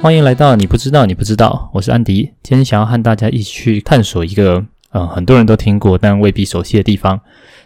歡迎來到你不知道你不知道，我是安迪。今天想要和大家一起去探索一個，嗯、呃，很多人都聽過但未必熟悉的地方。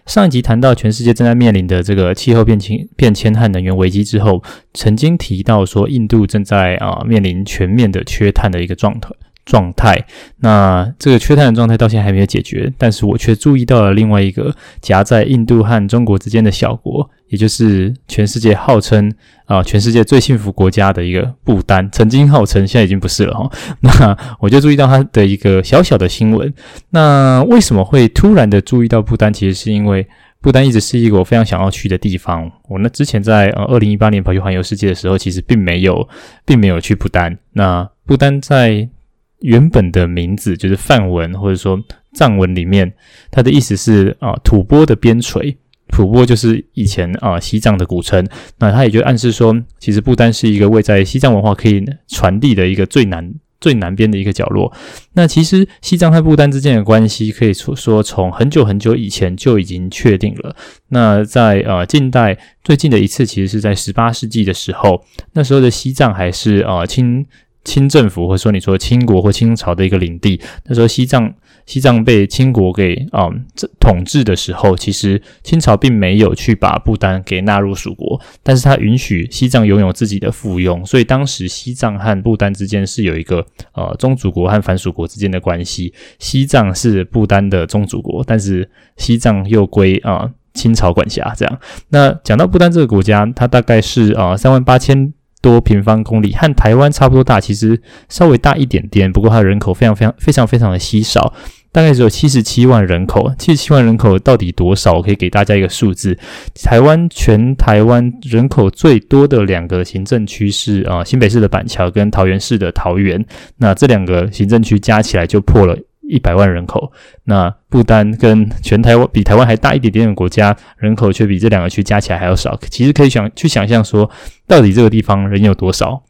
上一集談到全世界正在面臨的這個氣候變遷變遷和能源危機之後，曾經提到說印度正在啊、呃，面臨全面的缺碳的一個狀態。狀態，那這個缺碳的狀態到現在還沒有解決，但是我卻注意到了另外一個夾在印度和中國之間的小國，也就是全世界號稱啊、呃、全世界最幸福國家的一個不丹，曾經號稱，現在已經不是了哈、哦。那我就注意到它的一個小小的新聞。那為什麼會突然的注意到不丹？其實是因為不丹一直是一個我非常想要去的地方。我呢之前在呃二零一八年跑去環遊世界的時候，其實並沒有並沒有去不丹。那不丹在原本的名字就是梵文，或者說藏文裡面，它的意思是啊，吐蕃的邊陲。吐蕃就是以前啊西藏的古稱。那它也就暗示說，其實不丹是一個位在西藏文化可以傳遞的一個最南最南邊的一個角落。那其實西藏和不丹之間的關係可以說，說從很久很久以前就已經確定了。那在呃、啊、近代最近的一次其實是在十八世紀的時候，那時候的西藏還是啊清。清政府，或者說你說清國或清朝的一個領地，那時候西藏西藏被清國給啊、嗯、統治的時候，其實清朝並沒有去把不丹給納入屬國，但是他允許西藏擁有自己的附庸，所以當時西藏和不丹之間是有一個呃宗主國和藩屬國之間的關係，西藏是不丹的宗主國，但是西藏又歸啊、呃、清朝管轄。這樣，那講到不丹這個國家，它大概是啊三萬八千。呃 38, 多平方公里，和台灣差不多大，其實稍微大一點點。不過它人口非常非常非常非常的稀少，大概只有七十七萬人口。七十七萬人口到底多少？我可以給大家一個數字：台灣全台灣人口最多的兩個行政區是啊、呃，新北市的板橋跟桃園市的桃園。那這兩個行政區加起來就破了一百萬人口，那不丹跟全台灣，比台灣還大一點點的國家，人口卻比這兩個區加起來還要少。其實可以想，去想象說，到底這個地方人有多少？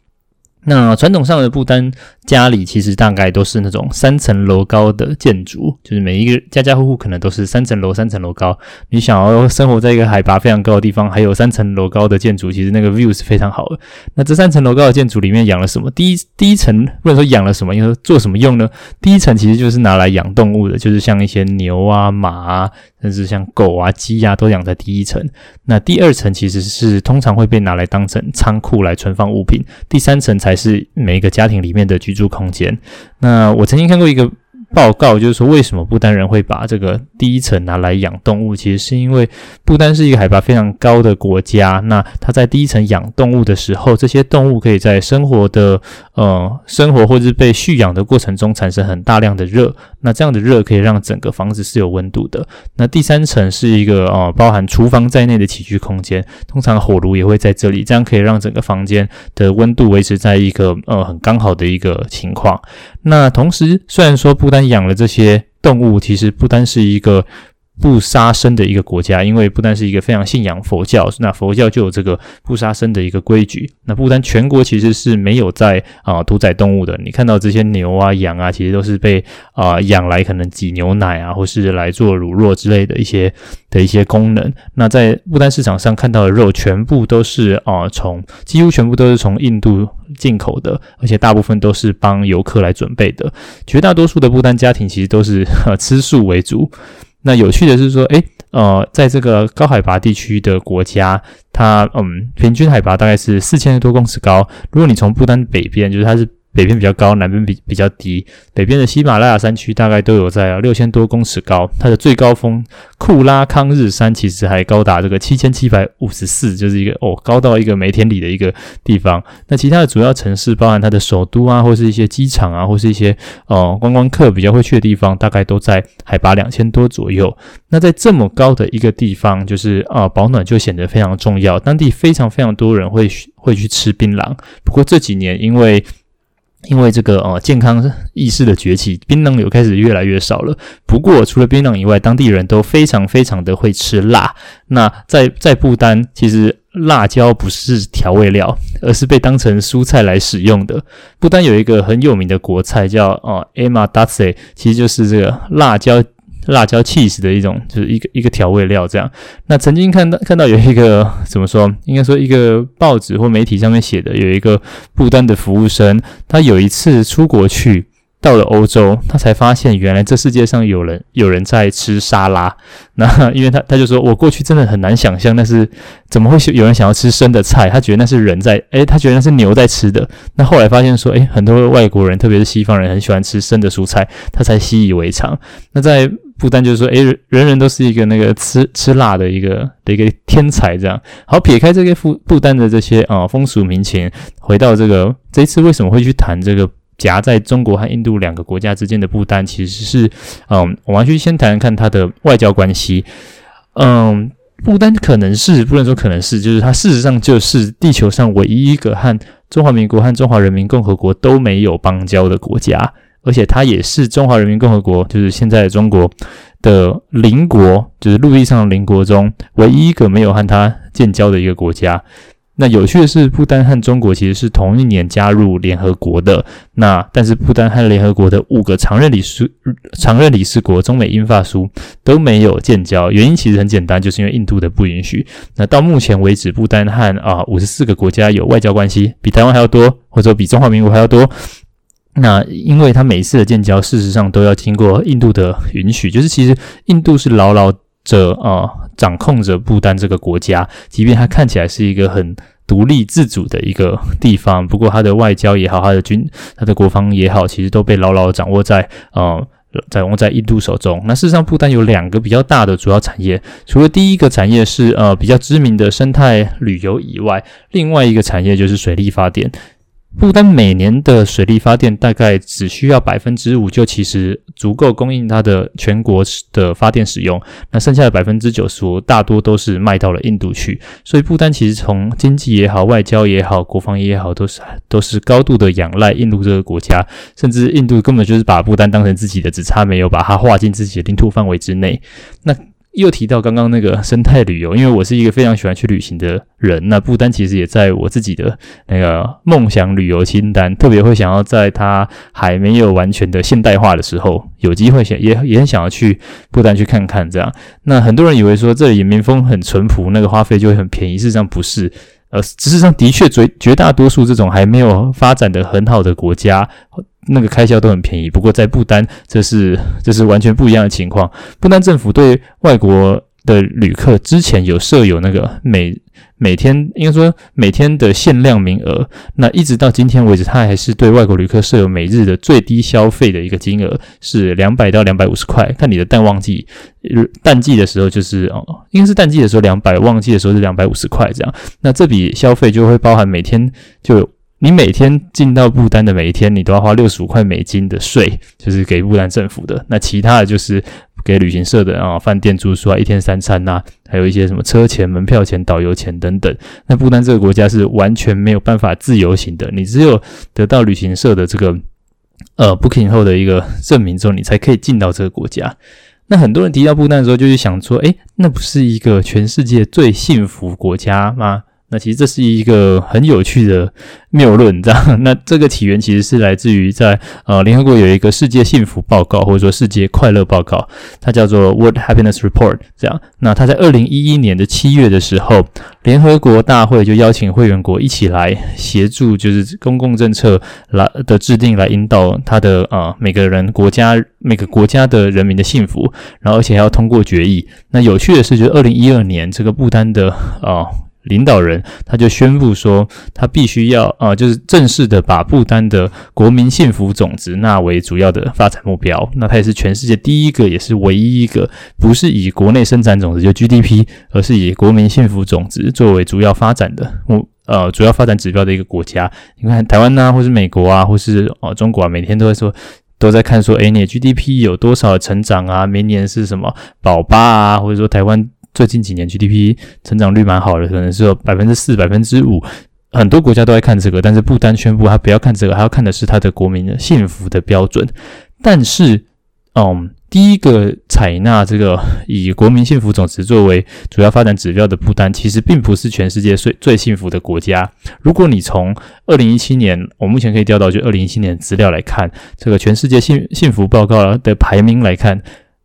那傳統上的不丹家裡其實大概都是那種三層樓高的建築，就是每一個家家戶戶可能都是三層樓三層樓高。你想要生活在一個海拔非常高的地方，還有三層樓高的建築，其實那個 view 是非常好的。那這三層樓高的建築裡面養了什麼？第一第一層不能說養了什麼，因為說做什麼用呢？第一層其實就是拿來養動物的，就是像一些牛啊馬啊。甚至像狗啊、雞啊都養在第一層，那第二層其實是通常會被拿來當成倉庫來存放物品，第三層才是每一個家庭裡面的居住空間。那我曾經看過一個。報告就是說，為什麼不丹人會把這個第一層拿來養動物？其實是因為不丹是一個海拔非常高的國家。那它在第一層養動物的時候，這些動物可以在生活的呃生活或者是被蓄養的過程中產生很大量的熱。那這樣的熱可以讓整個房子是有溫度的。那第三層是一個呃包含廚房在內的起居空間，通常火爐也會在這裡，這樣可以讓整個房間的溫度維持在一個呃很剛好的一個情況。那同時，雖然說不丹。養了這些動物，其實不單是一個不殺生的一個國家，因為不丹是一個非常信仰佛教，那佛教就有這個不殺生的一個規矩。那不丹全國其實是沒有在啊呃、屠宰動物的，你看到這些牛啊、羊啊，其實都是被啊呃、養來可能擠牛奶啊，或是來做乳酪之類的一些的一些功能。那在不丹市場上看到的肉，全部都是啊從、呃、幾乎全部都是從印度進口的，而且大部分都是幫遊客來準備的。絕大多數的不丹家庭其實都是呵吃素為主。那有趣的是說，誒、欸，呃，在這個高海拔地區的國家，它嗯，平均海拔大概是四千多公尺高。如果你從不丹北邊，就是它是。北邊比較高，南邊比比較低。北邊的喜馬拉雅山區大概都有在六千多公尺高，它的最高峰庫拉康日山其實還高達這個七千七百五十四，就是一個哦高到一個沒天理的一個地方。那其他的主要城市，包含它的首都啊，或是一些機場啊，或是一些呃觀光客比較會去的地方，大概都在海拔兩千多左右。那在這麼高的一個地方，就是啊，呃，保暖就顯得非常重要。當地非常非常多人會會去吃檳榔，不過這幾年因為因為這個哦，健康意識的崛起，檳榔油開始越來越少了。不過，除了檳榔以外，當地人都非常非常的會吃辣。那在在不丹，其實辣椒不是調味料，而是被當成蔬菜來使用的。不丹有一個很有名的國菜叫，哦，Ema Datshi，其實就是這個辣椒。辣椒起司的一種，就是一個一個調味料這樣。那曾經看到看到有一個怎麼說，應該說一個報紙或媒體上面寫的，有一個不丹的服務生，他有一次出國去，到了歐洲，他才發現原來這世界上有人有人在吃沙拉。那因為他他就說，我過去真的很難想象那是怎麼會有人想要吃生的菜？他覺得那是人在，誒，他覺得那是牛在吃的。那後來發現說，誒，很多外國人，特別是西方人，很喜歡吃生的蔬菜，他才習以為常。那在不丹就是說，哎，人人都是一個那個吃吃辣的一個的一個天才這樣。好，撇開這些不不丹的這些啊、呃、風俗民情，回到這個這一次為什麼會去談這個夾在中國和印度兩個國家之間的不丹，其實是，嗯、呃，我們去先談看它的外交關係。嗯、呃，不丹可能是不能說可能是，就是它事實上就是地球上唯一一個和中華民國和中華人民共和國都沒有邦交的國家。而且它也是中華人民共和國，就是現在的中國的鄰國，就是陸地上鄰國中唯一一個沒有和它建交的一個國家。那有趣的是，不丹和中國其實是同一年加入聯合國的。那但是不丹和聯合國的五個常任理事、常任理事國，中美英法蘇都沒有建交，原因其實很簡單，就是因為印度的不允許。那到目前為止，不丹和啊五十四個國家有外交關係，比台灣還要多，或者說比中華民國還要多。那因為它每次的建交，事實上都要經過印度的允許，就是其實印度是牢牢着啊、呃、掌控着不丹這個國家，即便它看起來是一個很獨立自主的一個地方，不過它的外交也好，它的軍、它的國防也好，其實都被牢牢掌握在呃掌握在印度手中。那事實上，不丹有兩個比較大的主要產業，除了第一個產業是呃比較知名的生態旅遊以外，另外一個產業就是水力發電。不丹每年的水力發電大概只需要百分之五，就其實足夠供應它的全國的發電使用。那剩下的百分之九十五，大多都是賣到了印度去。所以，不丹其實從經濟也好、外交也好、國防也好，都是都是高度的仰賴印度這個國家。甚至印度根本就是把不丹當成自己的，只差沒有把它劃進自己的領土範圍之內。那。又提到剛剛那個生態旅遊，因為我是一個非常喜歡去旅行的人，那不丹其實也在我自己的那個夢想旅遊清單，特別會想要在它還沒有完全的現代化的時候，有機會想也也很想要去不丹去看看這樣。那很多人以為說這裡民風很淳樸，那個花費就會很便宜，事實上不是。呃，事實上的確絕、絕絕大多數這種還沒有發展的很好的國家，那個開銷都很便宜。不過在不丹，這是這是完全不一樣的情況。不丹政府對外國。的旅客之前有設有那個每每天應該說每天的限量名額，那一直到今天為止，他還是對外國旅客設有每日的最低消費的一個金額是兩百到兩百五十塊。看你的淡旺季，淡季的時候就是哦，應該是淡季的時候兩百，旺季的時候是兩百五十塊這樣。那這筆消費就會包含每天就你每天進到不丹的每一天，你都要花六十五塊美金的稅，就是給不丹政府的。那其他的就是。給旅行社的啊，飯店住宿啊，一天三餐吶、啊，還有一些什麼車錢、門票錢、導遊錢等等。那不丹這個國家是完全沒有辦法自由行的，你只有得到旅行社的這個呃 booking 後的一個證明之後，你才可以進到這個國家。那很多人提到不丹的時候，就是想說，哎，那不是一個全世界最幸福國家嗎？那其實這是一個很有趣的謬論，這樣。那這個起源其實是來自於在呃，聯合國有一個世界幸福報告，或者說世界快樂報告，它叫做 World Happiness Report，這樣。那它在二零一一年的七月的時候，聯合國大會就邀請會員國一起來協助，就是公共政策來的制定，來引導他的啊、呃、每個人國家每個國家的人民的幸福，然後而且還要通過決議。那有趣的是，就是二零一二年這個不丹的啊。呃領導人他就宣布說，他必須要啊、呃，就是正式的把不丹的國民幸福總值納為主要的發展目標。那他也是全世界第一個，也是唯一一個不是以國內生產總值就是、GDP，而是以國民幸福總值作為主要發展的，目呃主要發展指標的一個國家。你看台灣啊，或是美國啊，或是呃中國啊，每天都在說，都在看說，哎，你的 GDP 有多少的成長啊？明年是什麼保八啊？或者說台灣，最近幾年 GDP 成長率蠻好的，可能是有百分之四、百分之五，很多國家都在看這個。但是不丹宣布他不要看這個，他要看的是他的國民的幸福的標準。但是，嗯，第一個採納這個以國民幸福總值作為主要發展指標的不丹，其實並不是全世界最最幸福的國家。如果你從二零一七年，我目前可以調到就二零一七年資料來看，這個全世界幸幸福報告的排名來看。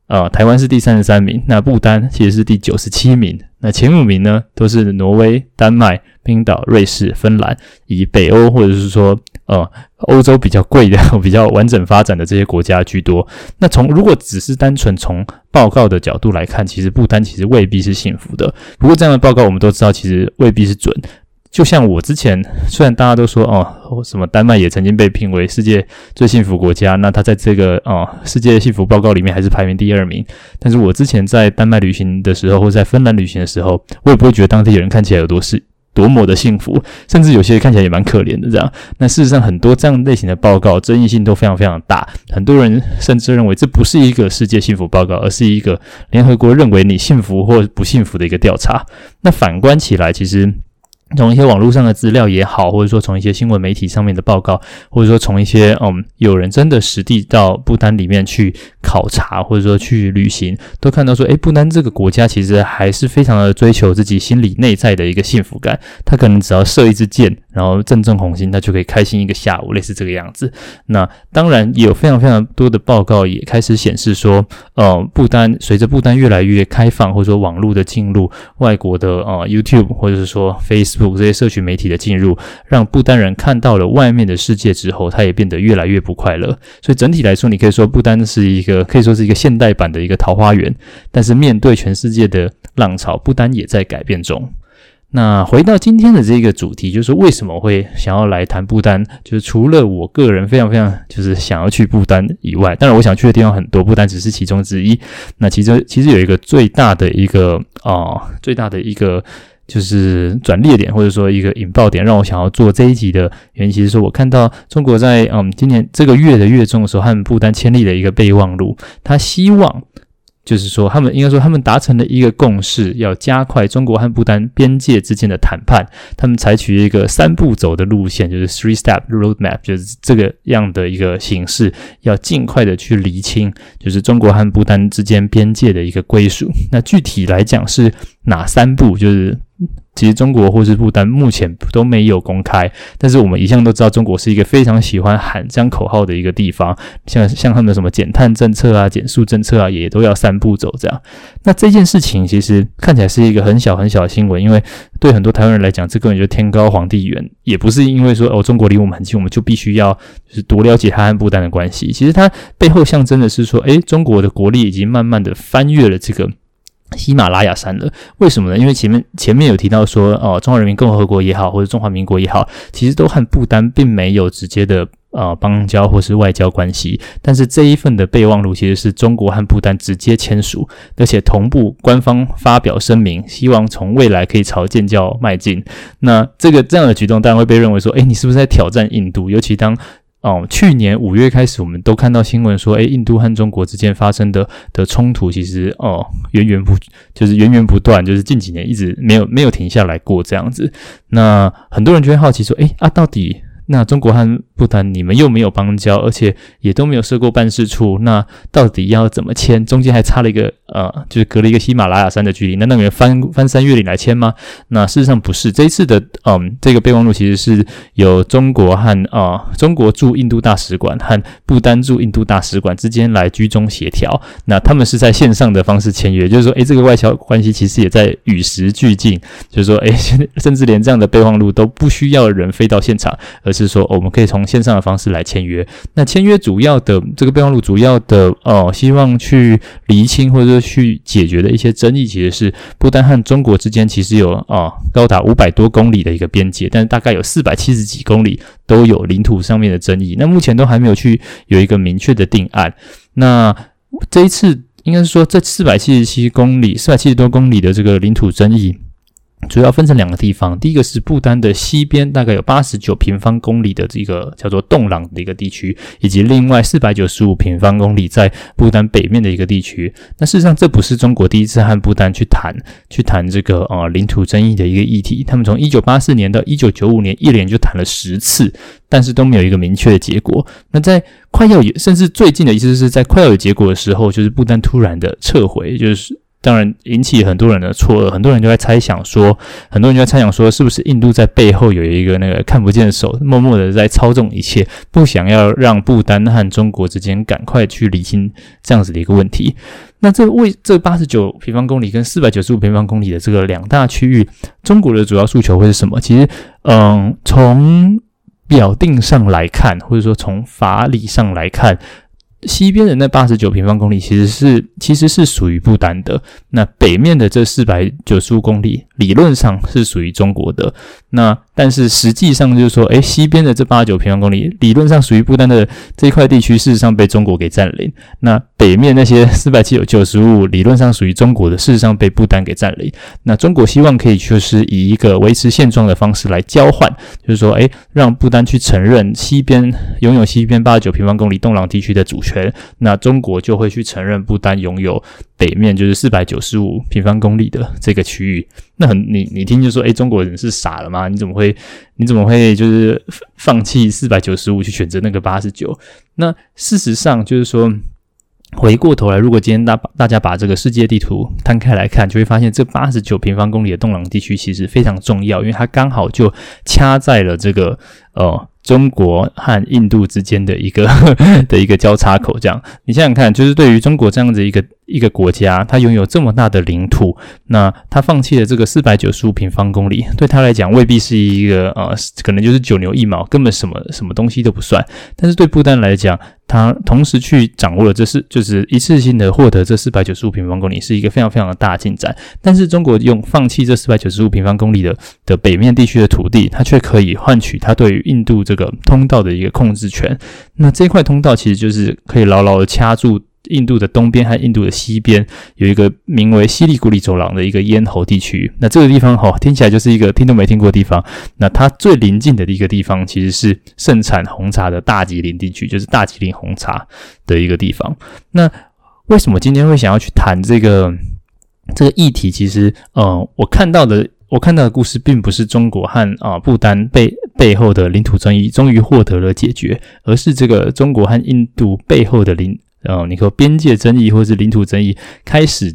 呃，台灣是第三十三名，那不丹其實是第九十七名。那前五名呢，都是挪威、丹麥、冰島、瑞士、芬蘭，以北歐或者是說呃歐洲比較貴的、比較完整發展的這些國家居多。那從如果只是單純從報告的角度來看，其實不丹其實未必是幸福的。不過這樣的報告我們都知道，其實未必是準。就像我之前，雖然大家都說哦，什麼丹麥也曾經被評為世界最幸福國家，那他在這個啊、哦、世界幸福報告裡面還是排名第二名。但是我之前在丹麥旅行的時候，或在芬蘭旅行的時候，我也不會覺得當地有人看起來有多是多麼的幸福，甚至有些看起來也蠻可憐的這樣。那事實上，很多這樣類型的報告爭議性都非常非常大，很多人甚至認為這不是一個世界幸福報告，而是一個聯合國認為你幸福或不幸福的一個調查。那反觀起來，其實。從一些網絡上的資料也好，或者說從一些新聞媒體上面的報告，或者說從一些嗯，有人真的實地到不丹裡面去考察，或者說去旅行，都看到說，哎、欸，不丹這個國家其實還是非常的追求自己心理內在的一個幸福感，他可能只要射一支箭，然後正正紅心，他就可以開心一個下午，類似這個樣子。那當然也有非常非常多的報告也開始顯示說，呃，不丹隨着不丹越來越開放，或者說網絡的進入，外國的呃 YouTube 或者是說 Facebook 這些社群媒體的進入，讓不丹人看到了外面的世界之後，他也變得越來越不快樂。所以整體來說，你可以說不丹是一個可以說是一個現代版的一個桃花源，但是面對全世界的浪潮，不丹也在改變中。那回到今天的這個主題，就是為什麼會想要來談不丹？就是除了我個人非常非常就是想要去不丹以外，當然我想去的地方很多，不丹只是其中之一。那其實其實有一個最大的一個啊、哦，最大的一個就是轉捩點，或者說一個引爆點，讓我想要做這一集的原因，其實說我看到中國在嗯今年這個月的月中的時候，和不丹簽立了一個備忘錄，他希望。就是說，他們應該說，他們達成了一個共識，要加快中國和不丹邊界之間的談判。他們採取一個三步走的路線，就是 three step roadmap，就是這個樣的一個形式，要儘快的去釐清，就是中國和不丹之間邊界的一個歸屬。那具體來講是哪三步？就是。其實中國或是不丹目前都沒有公開，但是我們一向都知道中國是一個非常喜歡喊這樣口號的一個地方，像像他們的什麼減碳政策啊、減速政策啊，也都要三步走這樣。那這件事情其實看起來是一個很小很小的新聞，因為對很多台灣人來講，這根本就是天高皇帝遠，也不是因為說哦中國離我們很近，我們就必須要就是多了解他和不丹的關係。其實它背後象徵的是說，誒，中國的國力已經慢慢的翻越了這個。喜馬拉雅山了，為什麼呢？因為前面前面有提到說，哦，中華人民共和國也好，或者中華民國也好，其實都和不丹並沒有直接的呃邦交或是外交關係。但是這一份的備忘錄其實是中國和不丹直接簽署，而且同步官方發表聲明，希望從未來可以朝建交邁進。那這個這樣的舉動當然會被認為說，誒、欸，你是不是在挑戰印度？尤其當哦，去年五月開始，我們都看到新聞說，哎、欸，印度和中國之間發生的的衝突，其實哦，源源不就是源源不斷，就是近幾年一直沒有沒有停下來過這樣子。那很多人就會好奇說，哎、欸、啊，到底那中國和不丹，你們又沒有邦交，而且也都沒有設過辦事處，那到底要怎麼簽？中間還差了一個，呃，就是隔了一個喜馬拉雅山的距離，那那個人翻翻山越嶺來簽嗎？那事實上不是，這一次的，嗯，這個備忘錄其實是由中國和啊，呃，中國駐印度大使館和不丹駐印度大使館之間來居中協調，那他們是在線上的方式簽約，就是說，誒，這個外交關係其實也在與時俱進，就是說，誒，甚至連這樣的備忘錄都不需要人飛到現場，而是說，哦，我們可以從。線上的方式來簽約，那簽約主要的這個備忘錄主要的哦，希望去釐清或者說去解決的一些爭議，其實是不丹和中國之間其實有啊、哦、高達五百多公里的一個邊界，但是大概有四百七十幾公里都有領土上面的爭議，那目前都還沒有去有一個明確的定案。那這一次應該是說這四百七十七公里，四百七十多公里的這個領土爭議。主要分成兩個地方，第一個是不丹的西邊，大概有八十九平方公里的這個叫做洞朗的一個地區，以及另外四百九十五平方公里在不丹北面的一個地區。那事實上，這不是中國第一次和不丹去談，去談這個啊、呃、領土爭議的一個議題。他們從一九八四年到一九九五年，一連就談了十次，但是都沒有一個明確的結果。那在快要有，甚至最近的意思是在快要有結果的時候，就是不丹突然的撤回，就是。當然引起很多人的錯愕，很多人就在猜想說，很多人就在猜想說，是不是印度在背後有一個那個看不見的手，默默的在操縱一切，不想要讓不丹和中國之間趕快去理清這樣子的一個問題。那這為這八十九平方公里跟四百九十五平方公里的這個兩大區域，中國的主要訴求會是什麼？其實，嗯，從表定上來看，或者說從法理上來看，西邊的那八十九平方公里其實是其實是屬於不丹的，那北面的這四百九十五公里，理論上是屬於中國的，那但是實際上就是說，誒、欸，西邊的這八十九平方公里理論上屬於不丹的這塊地區，事實上被中國給佔領。那北面那些四百七九九十五，理論上屬於中國的，事實上被不丹給佔領。那中國希望可以就是以一個維持現狀的方式來交換，就是說，誒、欸，讓不丹去承認西邊擁有西邊八十九平方公里洞朗地區的主權，那中國就會去承認不丹擁有。北面就是四百九十五平方公里的這個區域，那很你你聽就說，誒，中國人是傻了嗎？你怎麼會你怎麼會就是放棄四百九十五去選擇那個八十九？那事實上就是說，回過頭來，如果今天大大家把這個世界地圖攤開來看，就會發現這八十九平方公里的洞朗地區其實非常重要，因為它剛好就掐在了這個呃。中國和印度之間的一個 的一個交叉口，這樣你想想看，就是對於中國這樣子一個一個國家，它擁有這麼大的領土，那它放棄了這個四百九十五平方公里，對他來講未必是一個呃，可能就是九牛一毛，根本什麼什麼東西都不算。但是對不丹來講，它同時去掌握了這是，就是一次性的獲得這四百九十五平方公里，是一個非常非常的大進展。但是中國用放棄這四百九十五平方公里的的北面地區的土地，它卻可以換取它對於印度這個。個通道的一個控制權，那這塊通道其實就是可以牢牢的掐住印度的東邊和印度的西邊，有一個名為西里古里走廊的一個咽喉地區。那這個地方哈、哦，聽起來就是一個聽都沒聽過的地方。那它最鄰近的一個地方，其實是盛產紅茶的大吉嶺地區，就是大吉嶺紅茶的一個地方。那為什麼今天會想要去談這個這個議題？其實，嗯、呃，我看到的。我看到的故事並不是中國和啊不丹背背後的領土爭議終於獲得了解決，而是這個中國和印度背後的領啊，你說邊界爭議或者是領土爭議開始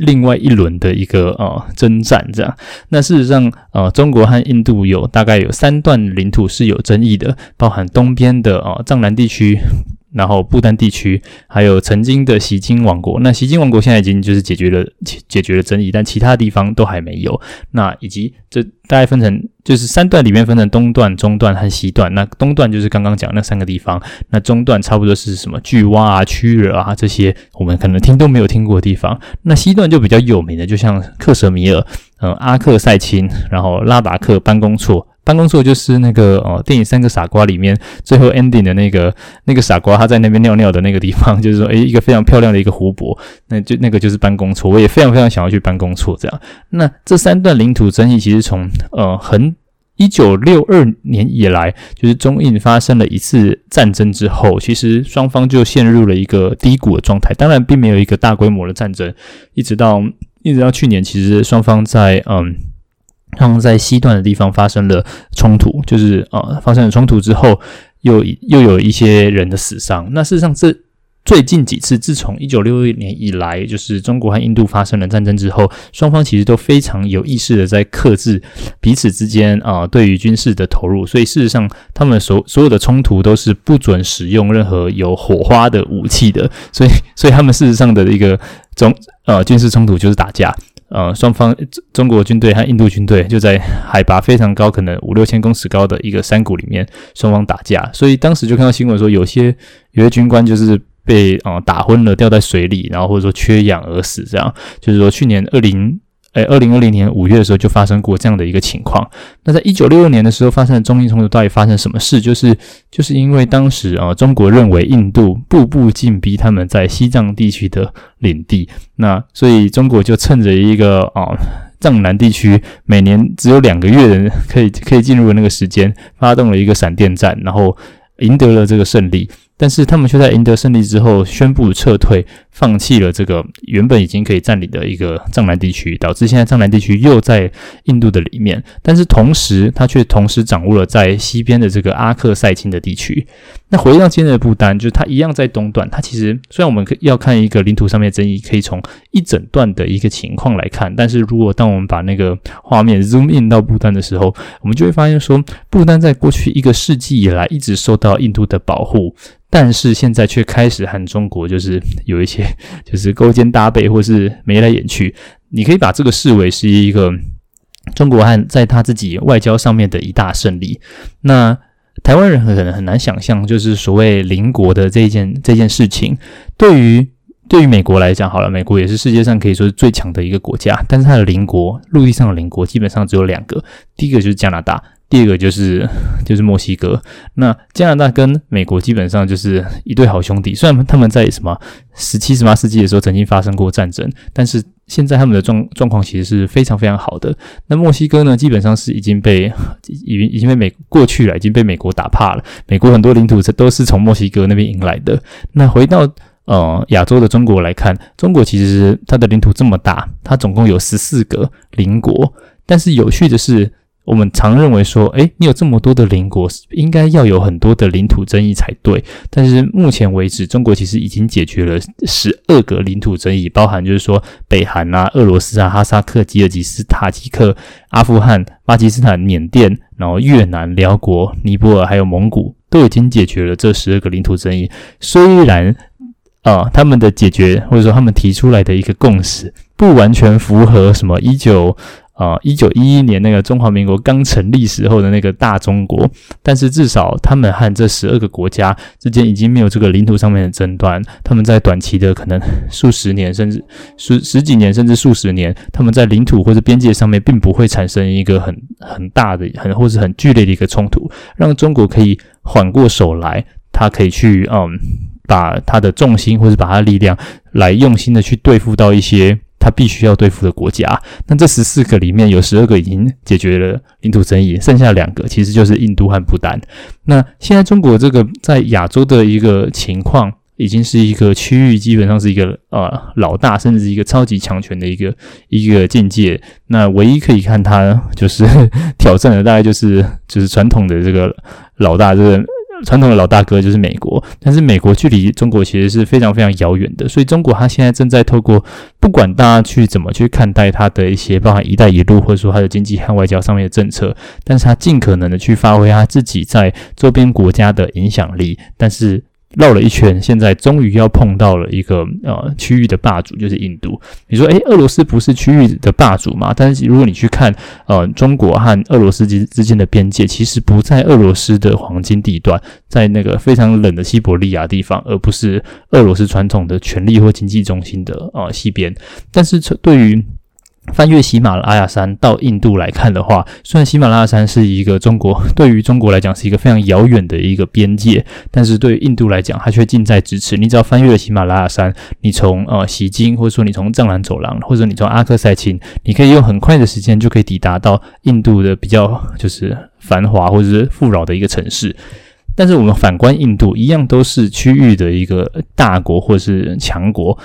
另外一輪的一個啊征戰這樣。那事實上啊，中國和印度有大概有三段領土是有爭議的，包含東邊的啊藏南地區。然後，不丹地區，還有曾經的錫金王國。那錫金王國現在已經就是解決了，解決了爭議，但其他地方都還沒有。那以及這大概分成就是三段，裡面分成東段、中段和西段。那東段就是剛剛講那三個地方。那中段差不多是什麼巨哇啊、曲惹啊這些，我們可能聽都沒有聽過的地方。那西段就比較有名的，就像克什米爾、嗯阿克塞欽，然後拉達克、班公錯。辦公處就是那個哦，電影《三個傻瓜》裡面最後 ending 的那個那個傻瓜，他在那邊尿尿的那個地方，就是說，誒，一個非常漂亮的一個湖泊，那就那個就是班公錯，我也非常非常想要去班公錯。這樣。那這三段領土爭議，其實從呃，很一九六二年以來，就是中印發生了一次戰爭之後，其實雙方就陷入了一個低谷的狀態。當然，並沒有一個大規模的戰爭，一直到一直到去年，其實雙方在嗯，然後在西段的地方發生了衝突，就是呃，發生了衝突之後，又又有一些人的死傷。那事實上這，這最近幾次，自從一九六一年以來，就是中國和印度發生了戰爭之後，雙方其實都非常有意識的在克制彼此之間啊，呃，對於軍事的投入。所以事實上，他們所所有的衝突都是不准使用任何有火花的武器的。所以，所以他們事實上的一個中，呃，軍事衝突就是打架。呃，雙方中國軍隊和印度軍隊就在海拔非常高，可能五六千公尺高的一個山谷裡面，雙方打架，所以當時就看到新聞說，有些有些軍官就是被呃打昏了，掉在水裡，然後或者說缺氧而死，這樣就是說去年二零。哎，二零二零年五月的時候就發生過這樣的一個情況。那在一九六二年的時候發生的中印衝突，到底發生什麼事？就是就是因為當時啊，中國認為印度步步進逼他們在西藏地區的領地，那所以中國就趁着一個啊藏南地區每年只有兩個月的可以可以進入的那個時間，發動了一個閃電戰，然後贏得了這個勝利。但是他們卻在贏得勝利之後宣布撤退，放棄了這個原本已經可以占領的一個藏南地區，導致現在藏南地區又在印度的裡面。但是同時，他卻同時掌握了在西邊的這個阿克賽欽的地區。那回到今天的不丹，就是它一樣在東段。它其實雖然我們要看一個領土上面爭議，可以從一整段的一個情況來看。但是如果當我們把那個畫面 zoom in 到不丹的時候，我們就會發現說，不丹在過去一個世紀以來一直受到印度的保護，但是現在卻開始和中國就是有一些就是勾肩搭背或是眉來眼去。你可以把這個視為是一個中國和在他自己外交上面的一大勝利。那。台灣人很可能很難想象，就是所謂鄰國的這一件這一件事情，對於對於美國來講，好了，美國也是世界上可以說是最強的一個國家，但是它的鄰國，陸地上的鄰國，基本上只有兩個，第一個就是加拿大，第二個就是就是墨西哥。那加拿大跟美國基本上就是一對好兄弟，雖然他們在什麼十七十八世紀的時候曾經發生過戰爭，但是。現在他們的狀狀況其實是非常非常好的。那墨西哥呢，基本上是已經被已已經被美過去了，已經被美國打怕了。美國很多領土這都是從墨西哥那邊贏來的。那回到呃亞洲的中國來看，中國其實它的領土這麼大，它總共有十四個鄰國。但是有趣的是。我們常認為說，誒，你有這麼多的鄰國，應該要有很多的領土爭議才對。但是目前為止，中國其實已經解決了十二個領土爭議，包含就是說北韓啊、俄羅斯啊、哈薩克、吉爾吉斯、塔吉克、阿富汗、巴基斯坦、緬甸，然後越南、寮國、尼泊爾還有蒙古，都已經解決了這十二個領土爭議。雖然啊、呃，他們的解決或者說他們提出來的一個共識，不完全符合什麼一九。啊，一九一一年，那個中華民國剛成立時候的那個大中國，但是至少他們和這十二個國家之間已經沒有這個領土上面的爭端，他們在短期的可能數十年，甚至十十幾年甚至數十年，他們在領土或者邊界上面並不會產生一個很很大的很或是很劇烈的一個衝突，讓中國可以緩過手來，他可以去嗯，把他的重心或者把他的力量來用心的去對付到一些，他必須要對付的國家，那這十四個裡面有十二個已經解決了領土爭議，剩下兩個其實就是印度和不丹。那現在中國這個在亞洲的一個情況，已經是一個區域，基本上是一個呃老大，甚至是一個超級強權的一個一個境界。那唯一可以看他就是挑戰的，大概就是就是傳統的這個老大這個。就是傳統的老大哥就是美國，但是美國距離中國其實是非常非常遙遠的，所以中國它現在正在透過，不管大家去怎麼去看待它的一些，包含“一帶一路”，或者說它的經濟和外交上面的政策，但是它盡可能的去發揮它自己在周邊國家的影響力，但是。繞了一圈，現在終於要碰到了一個呃區域的霸主，就是印度。你說，誒,俄羅斯不是區域的霸主嘛？但是如果你去看呃中國和俄羅斯之之間的邊界，其實不在俄羅斯的黃金地段，在那個非常冷的西伯利亞地方，而不是俄羅斯傳統的權力或經濟中心的呃西邊。但是，這對於翻越喜馬拉雅山到印度來看的話，雖然喜馬拉雅山是一個中國對於中國來講是一個非常遙遠的一個邊界，但是對於印度來講，它卻近在咫尺。你只要翻越了喜馬拉雅山，你從呃錫金，或者說你從藏南走廊，或者你從阿克塞欽，你可以用很快的時間就可以抵達到印度的比較就是繁華或者是富饒的一個城市。但是我們反觀印度，一樣都是區域的一個大國或者是強國。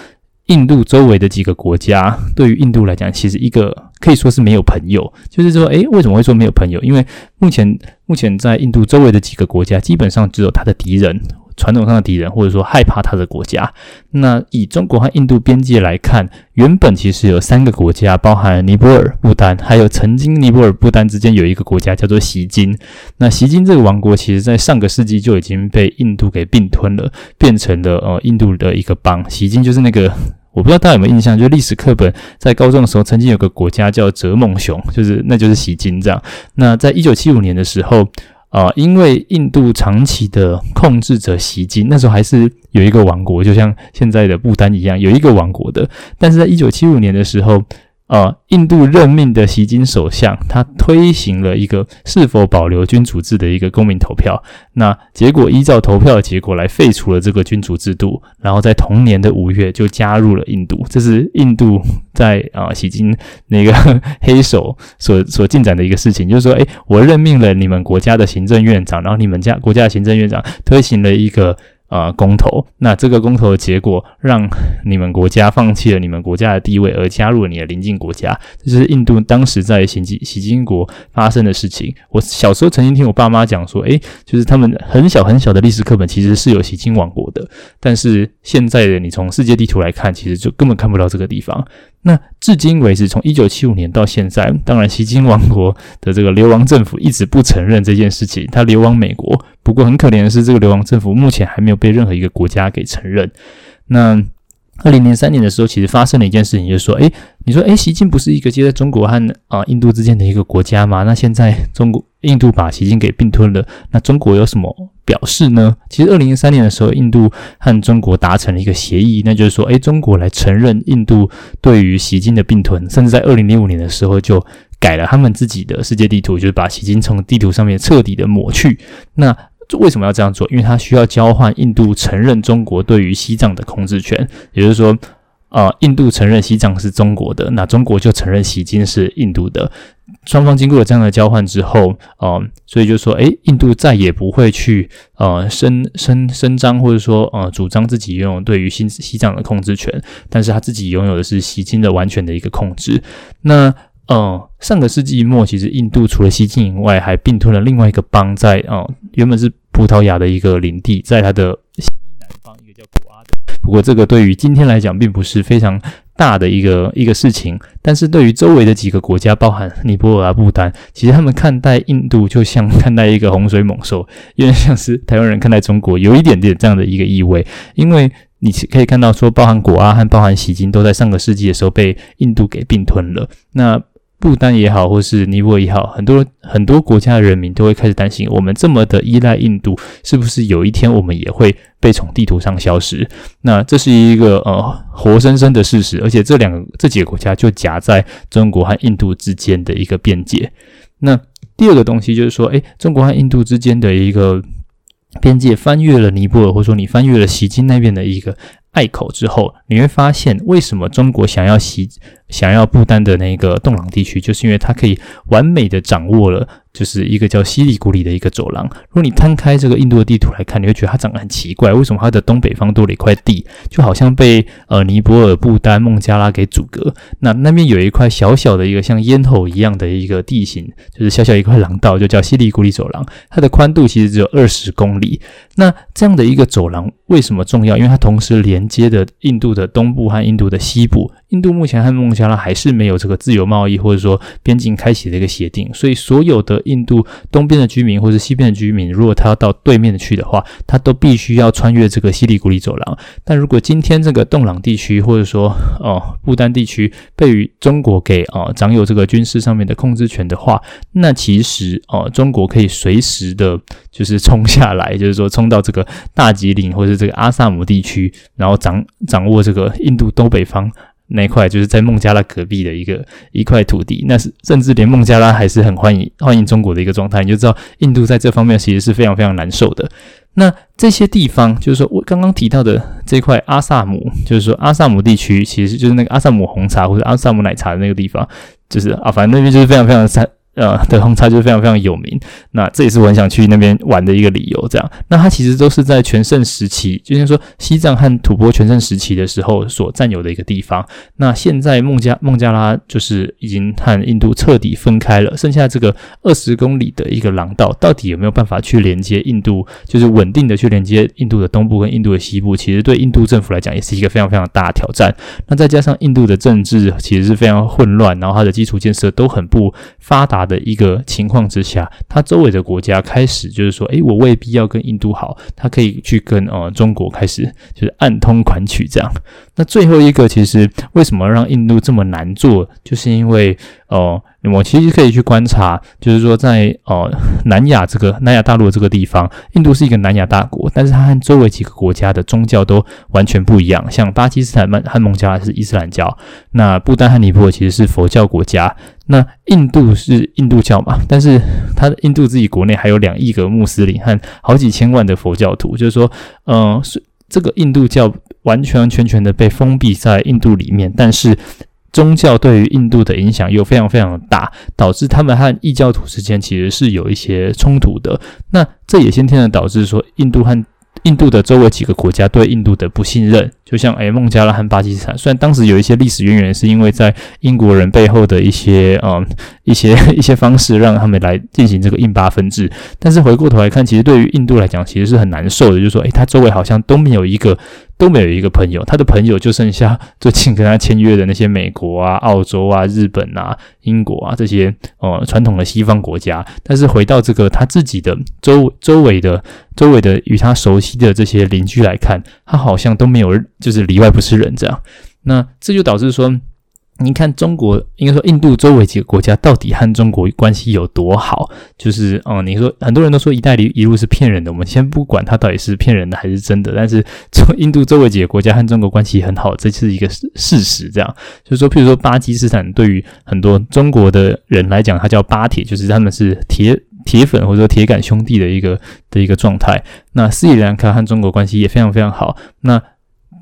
印度周圍的幾個國家，對於印度來講，其實一個可以說是沒有朋友。就是說，哎，為什麼會說沒有朋友？因為目前目前在印度周圍的幾個國家，基本上只有他的敵人。傳統上的敵人，或者說害怕他的國家。那以中國和印度邊界來看，原本其實有三個國家，包含尼泊爾、不丹，還有曾經尼泊爾、不丹之間有一個國家叫做錫金。那錫金這個王國，其實在上個世紀就已經被印度給併吞了，變成了呃印度的一個邦。錫金就是那個，我不知道大家有沒有印象，就歷史課本在高中的時候曾經有個國家叫哲孟雄，就是那就是錫金這樣。那在一九七五年的時候。啊，因為印度長期的控制著錫金，那時候還是有一個王國，就像現在的不丹一樣，有一個王國的。但是在一九七五年的時候。啊、呃，印度任命的錫金首相，他推行了一個是否保留君主制的一個公民投票，那結果依照投票的結果來廢除了這個君主制度，然後在同年的五月就加入了印度。這是印度在啊錫金那個黑手所所進展的一個事情，就是說，哎、欸，我任命了你們國家的行政院長，然後你們家國家的行政院長推行了一個。呃，公投，那這個公投的結果讓你們國家放棄了你們國家的地位，而加入了你的鄰近國家，這是印度當時在錫金錫金國發生的事情。我小時候曾經聽我爸媽講說，誒，就是他們很小很小的歷史課本其實是有錫金王國的，但是現在的你從世界地圖來看，其實就根本看不到這個地方。那至今為止，從一九七五年到現在，當然錫金王國的這個流亡政府一直不承認這件事情，他流亡美國。不過很可憐的是，這個流亡政府目前還沒有被任何一個國家給承認。那二零零三年的時候，其實發生了一件事情，就是說，哎，你說，哎，錫金不是一個接在中國和啊印度之間的一個國家嗎？那現在中國、印度把錫金給併吞了，那中國有什麼表示呢？其實二零零三年的時候，印度和中國達成了一個協議，那就是說，哎，中國來承認印度對於錫金的併吞，甚至在二零零五年的時候就改了他們自己的世界地圖，就是把錫金從地圖上面徹底的抹去。那為什麼要這樣做？因為他需要交換印度承認中國對於西藏的控制權，也就是說，呃，印度承認西藏是中國的，那中國就承認錫金是印度的。雙方經過了這樣的交換之後，呃，所以就說，哎、欸，印度再也不會去呃伸伸伸張或者說呃主張自己擁有對於新西,西藏的控制權，但是他自己擁有的是錫金的完全的一個控制。那。嗯，上個世紀末，其實印度除了錫金以外，還併吞了另外一個邦在，在、嗯、啊，原本是葡萄牙的一個領地，在它的西南方，一個叫果阿的。不過，這個對於今天來講，並不是非常大的一個一個事情。但是對於周圍的幾個國家，包含尼泊爾啊、不丹，其實他們看待印度就像看待一個洪水猛獸，有點像是台灣人看待中國有一點點這樣的一個意味。因為你可以看到說，包含果阿和包含錫金，都在上個世紀的時候被印度給併吞了。那不丹也好，或是尼泊爾也好，很多很多國家的人民都會開始擔心：我們這麼的依賴印度，是不是有一天我們也會被從地圖上消失？那這是一個呃活生生的事實，而且這兩個這幾個國家就夾在中國和印度之間的一個邊界。那第二個東西就是說，誒，中國和印度之間的一個邊界翻越了尼泊爾，或者說你翻越了錫金那邊的一個。隘口之後，你會發現為什麼中國想要襲想要不丹的那個洞朗地區，就是因為它可以完美的掌握了，就是一個叫西里古里的一個走廊。如果你攤開這個印度的地圖來看，你會覺得它長得很奇怪。為什麼它的東北方多了一塊地，就好像被呃尼泊爾、不丹、孟加拉給阻隔？那那邊有一塊小小的一個像咽喉一樣的一個地形，就是小小一塊廊道，就叫西里古里走廊。它的寬度其實只有二十公里。那這樣的一個走廊為什麼重要？因為它同時連接的印度的東部和印度的西部。印度目前和孟加拉還是沒有這個自由貿易，或者說邊境開啟的一個協定。所以，所有的印度東邊的居民或者西邊的居民，如果他要到對面去的話，他都必須要穿越這個西里古里走廊。但如果今天這個洞朗地區或者說哦，不丹地區被於中國給哦，掌有這個軍事上面的控制權的話，那其實哦，中國可以隨時的，就是衝下來，就是說衝。到這個大吉嶺，或是這個阿薩姆地區，然後掌掌握這個印度東北方那一塊，就是在孟加拉隔壁的一個一塊土地。那是甚至連孟加拉還是很歡迎歡迎中國的一個狀態。你就知道，印度在這方面其實是非常非常難受的。那這些地方，就是說我剛剛提到的這塊阿薩姆，就是說阿薩姆地區，其實就是那個阿薩姆紅茶或者阿薩姆奶茶的那個地方，就是啊，反正那邊就是非常非常山。呃，的紅茶就是非常非常有名。那這也是我很想去那邊玩的一個理由，這樣。那它其實都是在全盛時期，就像說西藏和吐蕃全盛時期的時候所占有的一個地方。那現在孟加孟加拉就是已經和印度徹底分開了。剩下這個二十公里的一個廊道，到底有沒有辦法去連接印度？就是穩定的去連接印度的東部跟印度的西部，其實對印度政府來講也是一個非常非常大的挑戰。那再加上印度的政治其實是非常混亂，然後它的基礎建設都很不發達。的一個情況之下，他周圍的國家開始就是說，哎，我未必要跟印度好，他可以去跟呃中國開始就是暗通款曲這樣。那最後一個，其實為什麼讓印度這麼難做，就是因為。哦、嗯，我其實可以去觀察，就是說在哦、呃、南亞這個南亞大陸這個地方，印度是一個南亞大國，但是它和周圍幾個國家的宗教都完全不一樣。像巴基斯坦嘛和孟加拉是伊斯蘭教，那不丹和尼泊爾其實是佛教國家，那印度是印度教嘛，但是它印度自己國內還有兩億個穆斯林和好幾千萬的佛教徒，就是說，嗯、呃，這個印度教完完全全的被封閉在印度裡面，但是。宗教對於印度的影響又非常非常大，導致他們和異教徒之間其實是有一些衝突的。那這也先天的導致說，印度和印度的周圍幾個國家對印度的不信任，就像誒、欸、孟加拉和巴基斯坦。雖然當時有一些歷史淵源，是因為在英國人背後的一些嗯一些一些方式，讓他們來進行這個印巴分治。但是回過頭來看，其實對於印度來講，其實是很難受的，就是說誒、欸、它周圍好像都沒有一個。都沒有一個朋友，他的朋友就剩下最近跟他簽約的那些美國啊、澳洲啊、日本啊、英國啊這些呃傳統的西方國家。但是回到這個他自己的周周圍的周圍的，周圍的與他熟悉的這些鄰居來看，他好像都沒有就是裡外不是人這樣。那這就導致說。你看中國應該說印度周圍幾個國家到底和中國關係有多好？就是哦、嗯，你說很多人都說一“一帶一一路”是騙人的，我們先不管它到底是騙人的還是真的。但是中印度周圍幾個國家和中國關係很好，這是一個事事實。這樣就是說，譬如說巴基斯坦對於很多中國的人來講，他叫“巴鐵”，就是他們是鐵鐵粉或者說鐵桿兄弟的一個的一個狀態。那斯里蘭卡和中國關係也非常非常好。那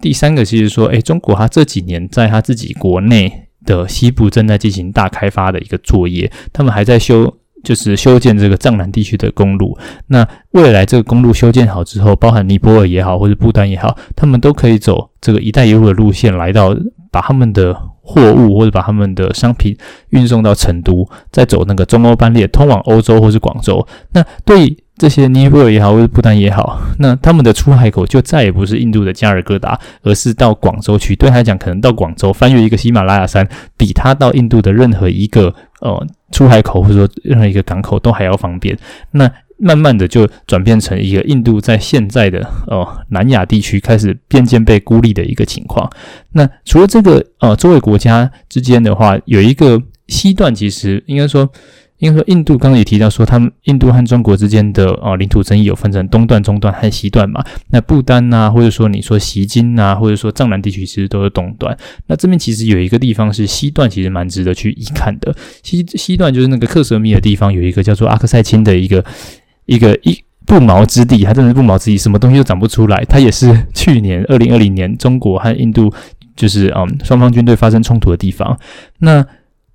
第三個其實說，哎，中國他這幾年在他自己國內。的西部正在進行大開發的一個作業，他們還在修，就是修建這個藏南地區的公路。那未來這個公路修建好之後，包含尼泊爾也好，或者不丹也好，他們都可以走這個“一帶一路”的路線來到，把他們的。貨物或者把他們的商品運送到成都，再走那個中歐班列通往歐洲或是廣州。那對這些尼泊爾也好，或是不丹也好，那他們的出海口就再也不是印度的加爾各答，而是到廣州去。對他來講，可能到廣州翻越一個喜馬拉雅山，比他到印度的任何一個呃出海口，或者說任何一個港口都還要方便。那慢慢的就轉變成一個印度在現在的呃、哦、南亞地區開始漸漸被孤立的一個情況。那除了這個呃、哦、周圍國家之間的話，有一個西段，其實應該說，應該說印度剛剛也提到說，他們印度和中國之間的呃、哦、領土爭議有分成東段、中段和西段嘛。那不丹吶、啊，或者說你說錫金吶，或者說藏南地區，其實都是東段。那這邊其實有一個地方是西段，其實蠻值得去一看的。西西段就是那個克什米爾地方有一個叫做阿克賽欽的一個。一個一不毛之地，還真的是不毛之地，什麼東西都長不出來。它也是去年二零二零年，中國和印度就是嗯雙方軍隊發生衝突的地方。那。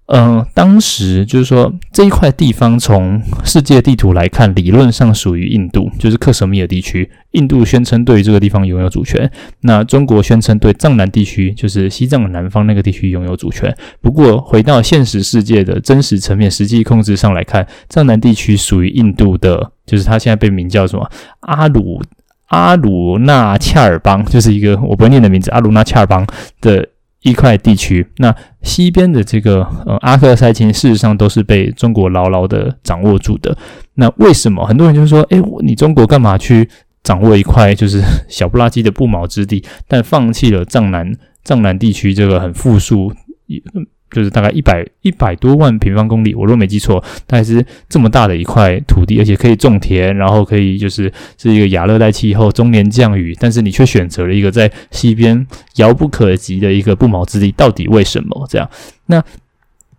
呃、嗯，當時就是說，這一塊地方從世界地圖來看，理論上屬於印度，就是克什米爾地區。印度宣稱對這個地方擁有主權，那中國宣稱對藏南地區，就是西藏南方那個地區擁有主權。不過回到現實世界的真實層面，實際控制上來看，藏南地區屬於印度的，就是它現在被名叫什麼阿魯阿魯納恰爾邦，就是一個我不會念的名字，阿魯納恰爾邦的一塊地區，那西邊的這個呃、嗯、阿克塞欽，事實上都是被中國牢牢的掌握住的。那為什麼很多人就說，哎、欸，你中國幹嘛去掌握一塊就是小不拉幾的不毛之地，但放棄了藏南藏南地區這個很富庶也？嗯就是大概一百一百多萬平方公里，我若沒記錯，但是這麼大的一塊土地，而且可以種田，然後可以就是是一個亞熱帶氣候，終年降雨，但是你卻選擇了一個在西邊遙不可及的一個不毛之地，到底為什麼這樣？那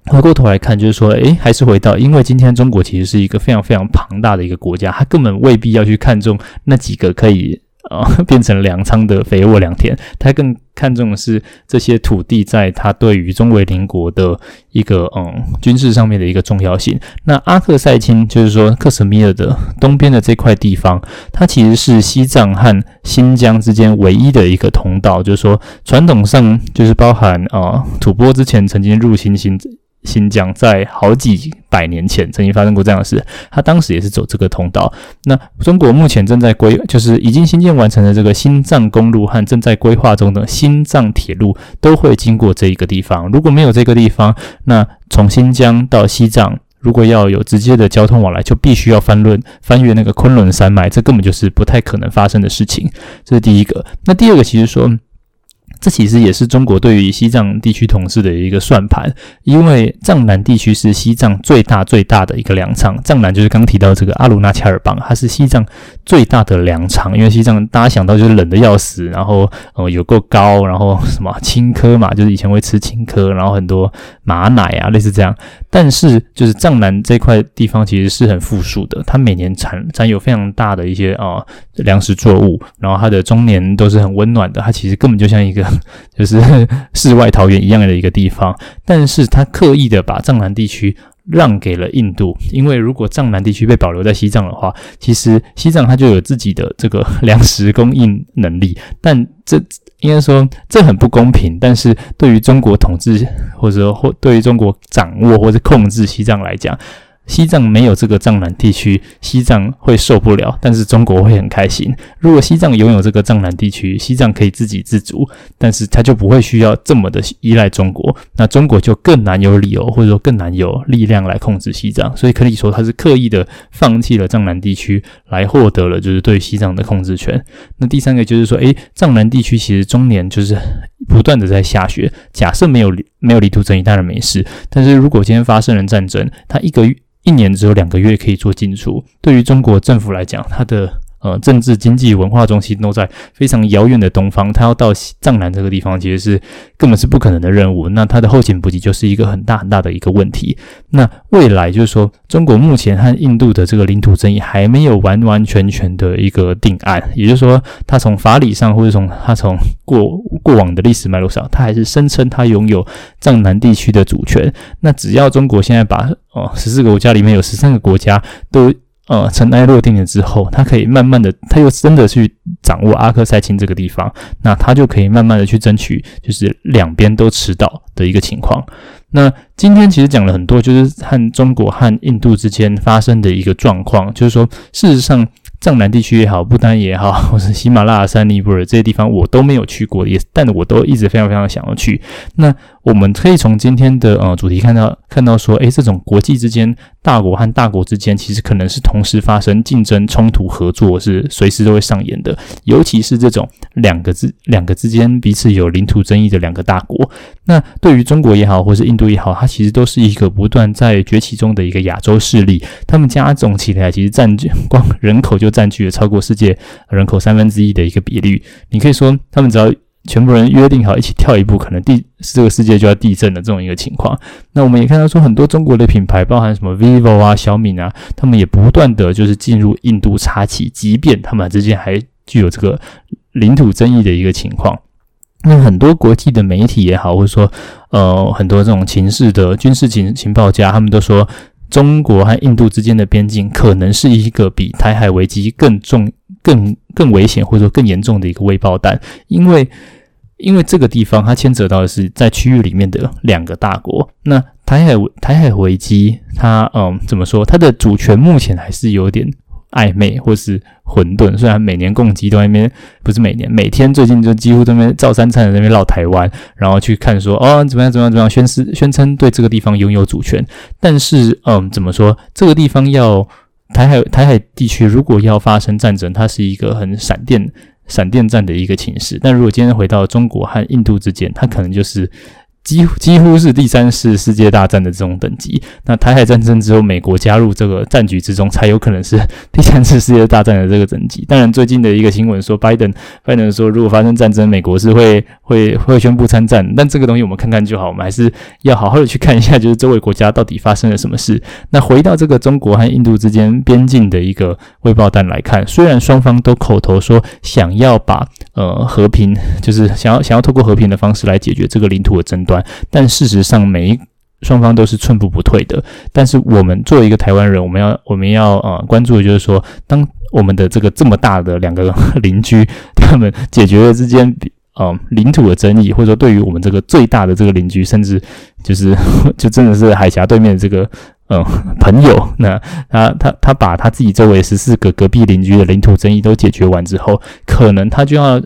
回過頭來看，就是說，哎，還是回到，因為今天中國其實是一個非常非常龐大的一個國家，它根本未必要去看中那幾個可以。啊、哦，變成糧倉的肥沃良田，他更看重的是這些土地在他對於中維鄰國的一個嗯軍事上面的一個重要性。那阿克塞欽就是說，克什米爾的東邊的這塊地方，它其實是西藏和新疆之間唯一的一個通道，就是說傳統上就是包含啊、哦，吐蕃之前曾經入侵新新疆在好幾百年前曾經發生過這樣的事，他當時也是走這個通道。那中國目前正在規，就是已經新建完成的這個新藏公路和正在規劃中的新藏鐵路，都會經過這一個地方。如果沒有這個地方，那從新疆到西藏，如果要有直接的交通往來，就必須要翻論翻越那個昆崙山脈，這根本就是不太可能發生的事情。這是第一個。那第二個，其實說。這其實也是中國對於西藏地區統治的一個算盤，因為藏南地區是西藏最大最大的一個糧倉。藏南就是剛，剛提到這個阿魯納恰爾邦，它是西藏最大的糧倉。因為西藏大家想到就是冷得要死，然後呃有夠高，然後什麼青稞嘛，就是以前會吃青稞，然後很多馬奶啊類似這樣。但是就是藏南這塊地方其實是很富庶的，它每年產占有非常大的一些啊、呃、糧食作物，然後它的終年都是很溫暖的，它其實根本就像一個。 就是世外桃源一樣的一個地方，但是他刻意的把藏南地區讓給了印度，因為如果藏南地區被保留在西藏的話，其實西藏它就有自己的這個糧食供應能力，但這應該說這很不公平，但是對於中國統治或者說或對於中國掌握或者控制西藏來講。西藏沒有這個藏南地區，西藏會受不了，但是中國會很開心。如果西藏擁有這個藏南地區，西藏可以自給自足，但是他就不會需要這麼的依賴中國，那中國就更難有理由或者說更難有力量來控制西藏。所以可以說，他是刻意的放棄了藏南地區，來獲得了就是對西藏的控制權。那第三個就是說，誒，藏南地區其實終年就是不斷的在下雪。假設沒有沒有領土爭議，當然沒事。但是如果今天發生了戰爭，他一個月，一年只有兩個月可以做進出，對於中國政府來講，它的。呃，政治、經濟、文化中心都在非常遙遠的東方，他要到藏南這個地方，其實是根本是不可能的任務。那他的後勤補給就是一個很大很大的一個問題。那未來就是說，中國目前和印度的這個領土爭議還沒有完完全全的一個定案，也就是說，他從法理上或者從他從過過往的歷史脈絡上，他還是聲稱他擁有藏南地區的主權。那只要中國現在把哦，十四個國家裡面有十三個國家都。呃，塵埃落定了之後，他可以慢慢的，他又真的去掌握阿克賽欽這個地方，那他就可以慢慢的去爭取，就是兩邊都遲到的一個情況。那今天其實講了很多，就是和中國和印度之間發生的一個狀況，就是說，事實上，藏南地區也好，不丹也好，或是喜馬拉雅山、尼泊爾這些地方，我都沒有去過，也但我都一直非常非常想要去。那我們可以從今天的呃主題看到，看到說，誒、欸，這種國際之間。大國和大國之間，其實可能是同時發生競爭、衝突、合作，是隨時都會上演的。尤其是這種兩個之兩個之間彼此有領土爭議的兩個大國，那對於中國也好，或是印度也好，它其實都是一個不斷在崛起中的一個亞洲勢力。他們加總起來，其實占據光人口就占據了超過世界人口三分之一的一個比率。你可以說，他們只要。全部人約定好一起跳一步，可能地這個世界就要地震的這種一個情況。那我們也看到說，很多中國的品牌，包含什麼 vivo 啊、小米啊，他們也不斷的就是進入印度插旗，即便他們之間還具有這個領土爭議的一個情況。那很多國際的媒體也好，或者說呃很多這種情勢的軍事情情報家，他們都說中國和印度之間的邊境可能是一個比台海危機更重、更更危險，或者說更嚴重的一個未爆彈，因為。因為這個地方它牽扯到的是在區域裡面的兩個大國，那台海台海危機，它嗯怎麼說？它的主權目前還是有點曖昧或是混沌。雖然每年共機都在那邊，不是每年每天，最近就幾乎都在照三餐在那邊繞台灣，然後去看說哦怎麼樣怎麼樣怎麼樣，宣示，宣稱對這個地方擁有主權。但是嗯怎麼說？這個地方要台海台海地區如果要發生戰爭，它是一個很閃電。閃電戰的一個情勢。但如果今天回到中國和印度之間，他可能就是。幾幾乎是第三次世、世界大戰的這種等級。那台海戰爭之後，美國加入這個戰局之中，才有可能是第三次世界大戰的這個等級。當然，最近的一個新聞說，拜登拜登說，如果發生戰爭，美國是會會會宣布參戰。但這個東西我們看看就好。我們還是要好好的去看一下，就是周圍國家到底發生了什麼事。那回到這個中國和印度之間邊境的一個未爆彈來看，雖然雙方都口頭說想要把呃和平，就是想要想要透過和平的方式來解決這個領土的爭端。但事實上，每一雙方都是寸步不退的。但是，我們作為一個台灣人，我們要我們要呃關注的就是說，當我們的這個這麼大的兩個鄰居他們解決了之間呃領土的爭議，或者說對於我們這個最大的這個鄰居，甚至就是就真的是海峽對面的這個呃朋友，那他他他把他自己周圍十四個隔壁鄰居的領土爭議都解決完之後，可能他就要。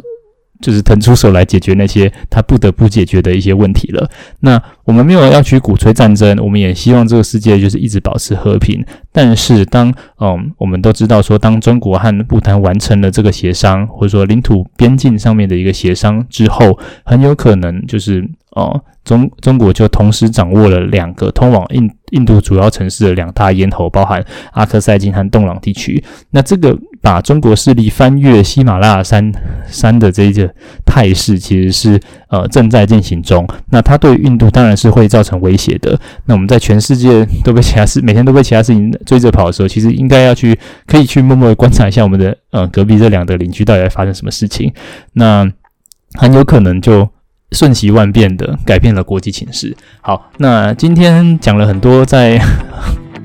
就是騰出手來解決那些他不得不解決的一些問題了。那我們沒有要去鼓吹戰爭，我們也希望這個世界就是一直保持和平。但是當嗯，我們都知道說，當中國和不丹完成了這個協商，或者說領土邊境上面的一個協商之後，很有可能就是。哦，中中國就同時掌握了兩個通往印印度主要城市的兩大咽喉，包含阿克賽欽和洞朗地區。那這個把中國勢力翻越喜馬拉雅山山的這一個態勢，其實是呃正在進行中。那它對印度當然是會造成威脅的。那我們在全世界都被其他事，每天都被其他事情追着跑的時候，其實應該要去可以去默默的觀察一下我們的嗯，呃，隔壁這兩個鄰居到底在發生什麼事情。那很有可能就。瞬息萬變的，改變了國際情勢。好，那今天講了很多在，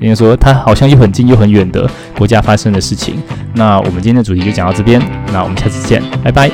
應該說它好像又很近又很遠的國家發生的事情。那我們今天的主題就講到這邊，那我們下次見，拜拜。